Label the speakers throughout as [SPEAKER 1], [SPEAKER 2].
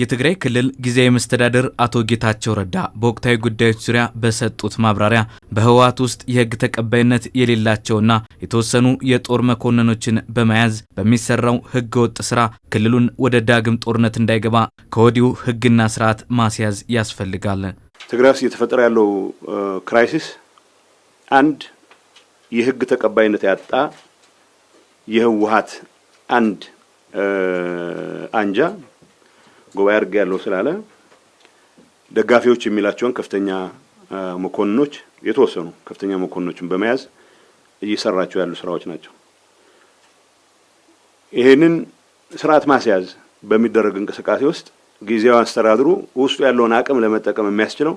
[SPEAKER 1] የትግራይ ክልል ጊዜያዊ መስተዳደር አቶ ጌታቸው ረዳ በወቅታዊ ጉዳዮች ዙሪያ በሰጡት ማብራሪያ በህወሓት ውስጥ የህግ ተቀባይነት የሌላቸውና የተወሰኑ የጦር መኮንኖችን በመያዝ በሚሰራው ህገ ወጥ ስራ ክልሉን ወደ ዳግም ጦርነት እንዳይገባ ከወዲሁ ህግና ስርዓት ማስያዝ ያስፈልጋል።
[SPEAKER 2] ትግራይ ውስጥ እየተፈጠረ ያለው ክራይሲስ አንድ የህግ ተቀባይነት ያጣ የህወሓት አንድ አንጃ ጉባኤ ያለው ስላለ ደጋፊዎች የሚላቸውን ከፍተኛ መኮንኖች የተወሰኑ ከፍተኛ መኮንኖችን በመያዝ እየሰራቸው ያሉ ስራዎች ናቸው። ይህንን ስርዓት ማስያዝ በሚደረግ እንቅስቃሴ ውስጥ ጊዜያዊ አስተዳድሩ ውስጡ ያለውን አቅም ለመጠቀም የሚያስችለው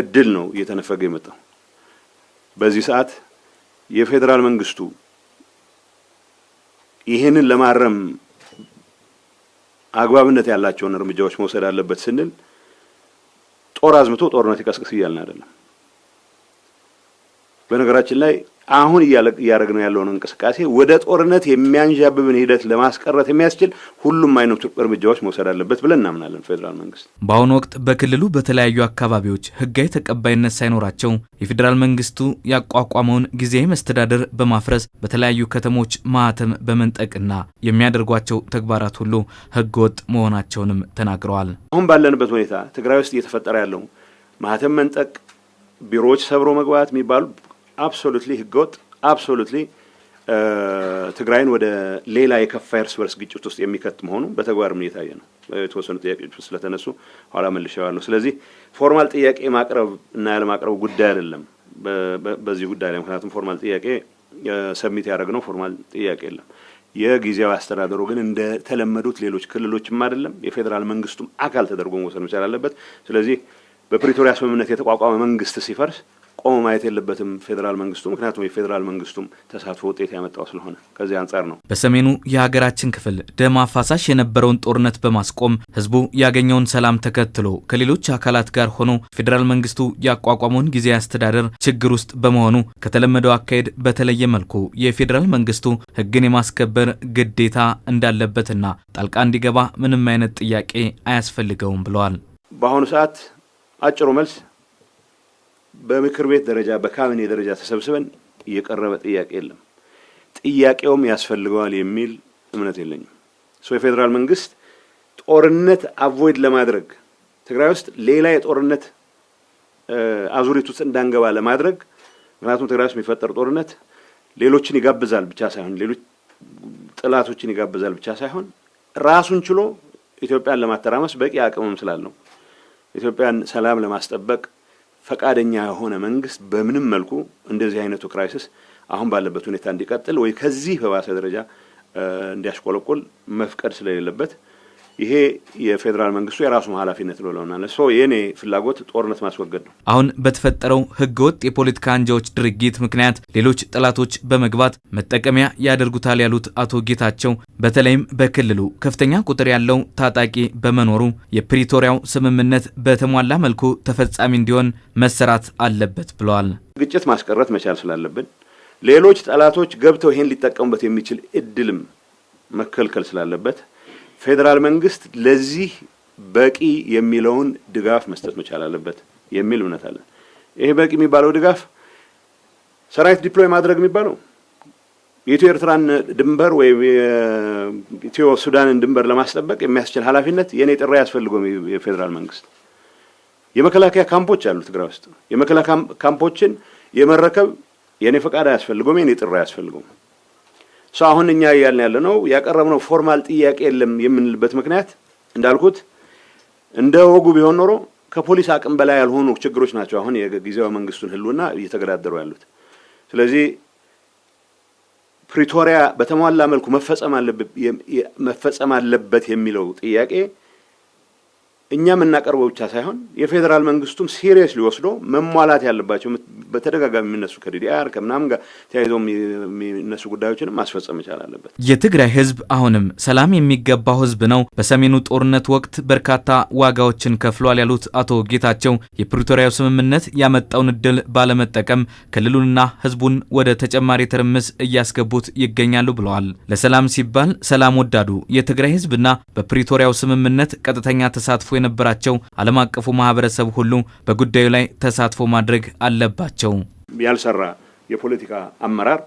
[SPEAKER 2] እድል ነው እየተነፈገ የመጣው። በዚህ ሰዓት የፌዴራል መንግስቱ ይህንን ለማረም አግባብነት ያላቸውን እርምጃዎች መውሰድ አለበት ስንል ጦር አዝምቶ ጦርነት ይቀስቅስ እያልን አይደለም። በነገራችን ላይ አሁን እያደረግነው ያለውን እንቅስቃሴ ወደ ጦርነት የሚያንዣብብን ሂደት ለማስቀረት የሚያስችል ሁሉም አይነት እርምጃዎች መውሰድ አለበት ብለን እናምናለን። ፌዴራል መንግስት
[SPEAKER 1] በአሁኑ ወቅት በክልሉ በተለያዩ አካባቢዎች ህጋዊ ተቀባይነት ሳይኖራቸው የፌዴራል መንግስቱ ያቋቋመውን ጊዜያዊ መስተዳደር በማፍረስ በተለያዩ ከተሞች ማህተም በመንጠቅና የሚያደርጓቸው ተግባራት ሁሉ ህገወጥ መሆናቸውንም ተናግረዋል።
[SPEAKER 2] አሁን ባለንበት ሁኔታ ትግራይ ውስጥ እየተፈጠረ ያለው ማህተም መንጠቅ፣ ቢሮዎች ሰብሮ መግባት የሚባሉ አብሶሉትሊ ህገወጥ አብሶሉትሊ ትግራይን ወደ ሌላ የከፋ እርስ በርስ ግጭት ውስጥ የሚከት መሆኑ በተግባርም እየታየ ነው። የተወሰኑ ጥያቄዎች ስለተነሱ ኋላ መልሼዋለሁ። ስለዚህ ፎርማል ጥያቄ ማቅረብ እና ያለማቅረብ ጉዳይ አይደለም በዚህ ጉዳይ ላይ ምክንያቱም ፎርማል ጥያቄ ሰሚት ነው። ፎርማል ጥያቄ የለም። የጊዜያዊ አስተዳደሩ ግን እንደተለመዱት ሌሎች ክልሎችም አይደለም የፌዴራል መንግስቱም አካል ተደርጎ መወሰድ መቻል አለበት። ስለዚህ በፕሪቶሪያ ስምምነት የተቋቋመ መንግስት ሲፈርስ ቆሞ ማየት የለበትም ፌዴራል መንግስቱ። ምክንያቱም የፌዴራል መንግስቱም ተሳትፎ ውጤት ያመጣው ስለሆነ ከዚህ አንጻር ነው።
[SPEAKER 1] በሰሜኑ የሀገራችን ክፍል ደም አፋሳሽ የነበረውን ጦርነት በማስቆም ህዝቡ ያገኘውን ሰላም ተከትሎ ከሌሎች አካላት ጋር ሆኖ ፌዴራል መንግስቱ ያቋቋመውን ጊዜያዊ አስተዳደር ችግር ውስጥ በመሆኑ ከተለመደው አካሄድ በተለየ መልኩ የፌዴራል መንግስቱ ህግን የማስከበር ግዴታ እንዳለበትና ጣልቃ እንዲገባ ምንም አይነት ጥያቄ አያስፈልገውም ብለዋል።
[SPEAKER 2] በአሁኑ ሰዓት አጭሩ መልስ በምክር ቤት ደረጃ በካቢኔ ደረጃ ተሰብስበን የቀረበ ጥያቄ የለም። ጥያቄውም ያስፈልገዋል የሚል እምነት የለኝም። ሶ የፌዴራል መንግስት ጦርነት አቮይድ ለማድረግ ትግራይ ውስጥ ሌላ የጦርነት አዙሪት ውስጥ እንዳንገባ ለማድረግ ምክንያቱም ትግራይ ውስጥ የሚፈጠር ጦርነት ሌሎችን ይጋብዛል ብቻ ሳይሆን ሌሎች ጥላቶችን ይጋብዛል ብቻ ሳይሆን ራሱን ችሎ ኢትዮጵያን ለማተራመስ በቂ አቅምም ስላለው ኢትዮጵያን ሰላም ለማስጠበቅ ፈቃደኛ የሆነ መንግስት በምንም መልኩ እንደዚህ አይነቱ ክራይሲስ አሁን ባለበት ሁኔታ እንዲቀጥል ወይ ከዚህ በባሰ ደረጃ እንዲያሽቆለቆል መፍቀድ ስለሌለበት ይሄ የፌዴራል መንግስቱ የራሱ ኃላፊነት ነው ብለውናል። ሶ የእኔ ፍላጎት ጦርነት ማስወገድ ነው።
[SPEAKER 1] አሁን በተፈጠረው ህገወጥ የፖለቲካ አንጃዎች ድርጊት ምክንያት ሌሎች ጠላቶች በመግባት መጠቀሚያ ያደርጉታል ያሉት አቶ ጌታቸው በተለይም በክልሉ ከፍተኛ ቁጥር ያለው ታጣቂ በመኖሩ የፕሪቶሪያው ስምምነት በተሟላ መልኩ ተፈጻሚ እንዲሆን መሰራት አለበት ብለዋል።
[SPEAKER 2] ግጭት ማስቀረት መቻል ስላለብን ሌሎች ጠላቶች ገብተው ይሄን ሊጠቀሙበት የሚችል እድልም መከልከል ስላለበት ፌዴራል መንግስት ለዚህ በቂ የሚለውን ድጋፍ መስጠት መቻል አለበት የሚል እምነት አለ። ይሄ በቂ የሚባለው ድጋፍ ሰራዊት ዲፕሎይ ማድረግ የሚባለው የኢትዮ ኤርትራን ድንበር ወይም የኢትዮ ሱዳንን ድንበር ለማስጠበቅ የሚያስችል ኃላፊነት የእኔ ጥሪ ያስፈልገው የፌዴራል መንግስት የመከላከያ ካምፖች አሉ ትግራይ ውስጥ የመከላከያ ካምፖችን የመረከብ የእኔ ፈቃድ አያስፈልገውም፣ የእኔ ጥሪ አያስፈልገውም። ሰው አሁን እኛ እያልን ያለ ነው ያቀረብነው ፎርማል ጥያቄ የለም የምንልበት ምክንያት እንዳልኩት እንደ ወጉ ቢሆን ኖሮ ከፖሊስ አቅም በላይ ያልሆኑ ችግሮች ናቸው አሁን የጊዜያዊ መንግስቱን ህልውና እየተገዳደሩ ያሉት። ስለዚህ ፕሪቶሪያ በተሟላ መልኩ መፈጸም አለበት የሚለው ጥያቄ እኛ የምናቀርበው ብቻ ሳይሆን የፌዴራል መንግስቱም ሲሪየስ ሊወስዶ መሟላት ያለባቸው በተደጋጋሚ የሚነሱ ከዲዲአር ከምናምን ጋር ተያይዞ የሚነሱ ጉዳዮችንም ማስፈጸም መቻል አለበት።
[SPEAKER 1] የትግራይ ህዝብ አሁንም ሰላም የሚገባው ህዝብ ነው፣ በሰሜኑ ጦርነት ወቅት በርካታ ዋጋዎችን ከፍሏል ያሉት አቶ ጌታቸው የፕሪቶሪያው ስምምነት ያመጣውን እድል ባለመጠቀም ክልሉንና ህዝቡን ወደ ተጨማሪ ትርምስ እያስገቡት ይገኛሉ ብለዋል። ለሰላም ሲባል ሰላም ወዳዱ የትግራይ ህዝብና በፕሪቶሪያው ስምምነት ቀጥተኛ ተሳትፎ የነበራቸው ዓለም አቀፉ ማህበረሰብ ሁሉ በጉዳዩ ላይ ተሳትፎ ማድረግ አለባቸው ናቸው።
[SPEAKER 2] ያልሰራ የፖለቲካ አመራር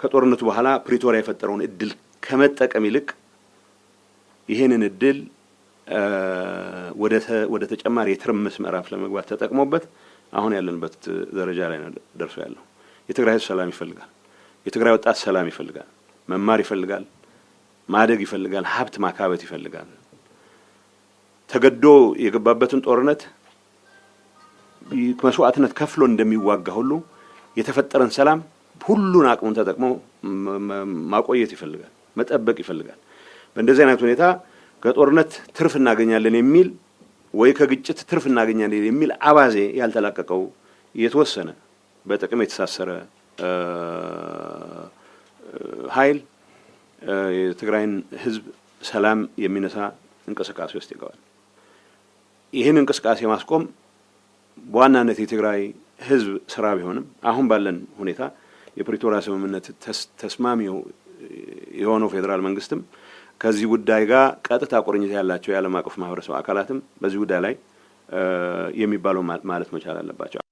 [SPEAKER 2] ከጦርነቱ በኋላ ፕሪቶሪያ የፈጠረውን እድል ከመጠቀም ይልቅ ይህንን እድል ወደ ተጨማሪ የትርምስ ምዕራፍ ለመግባት ተጠቅሞበት አሁን ያለንበት ደረጃ ላይ ደርሶ ያለው። የትግራይ ህዝብ ሰላም ይፈልጋል። የትግራይ ወጣት ሰላም ይፈልጋል። መማር ይፈልጋል። ማደግ ይፈልጋል። ሀብት ማካበት ይፈልጋል። ተገዶ የገባበትን ጦርነት መስዋዕትነት ከፍሎ እንደሚዋጋ ሁሉ የተፈጠረን ሰላም ሁሉን አቅሙን ተጠቅሞ ማቆየት ይፈልጋል፣ መጠበቅ ይፈልጋል። በእንደዚህ አይነት ሁኔታ ከጦርነት ትርፍ እናገኛለን የሚል ወይ ከግጭት ትርፍ እናገኛለን የሚል አባዜ ያልተላቀቀው የተወሰነ በጥቅም የተሳሰረ ኃይል የትግራይን ሕዝብ ሰላም የሚነሳ እንቅስቃሴ ውስጥ ይገባል። ይህን እንቅስቃሴ ማስቆም በዋናነት የትግራይ ህዝብ ስራ ቢሆንም አሁን ባለን ሁኔታ የፕሪቶሪያ ስምምነት ተስማሚ የሆነው ፌዴራል መንግስትም ከዚህ ጉዳይ ጋር ቀጥታ ቁርኝት ያላቸው የዓለም አቀፍ ማህበረሰብ አካላትም በዚህ ጉዳይ ላይ የሚባለው ማለት መቻል አለባቸው።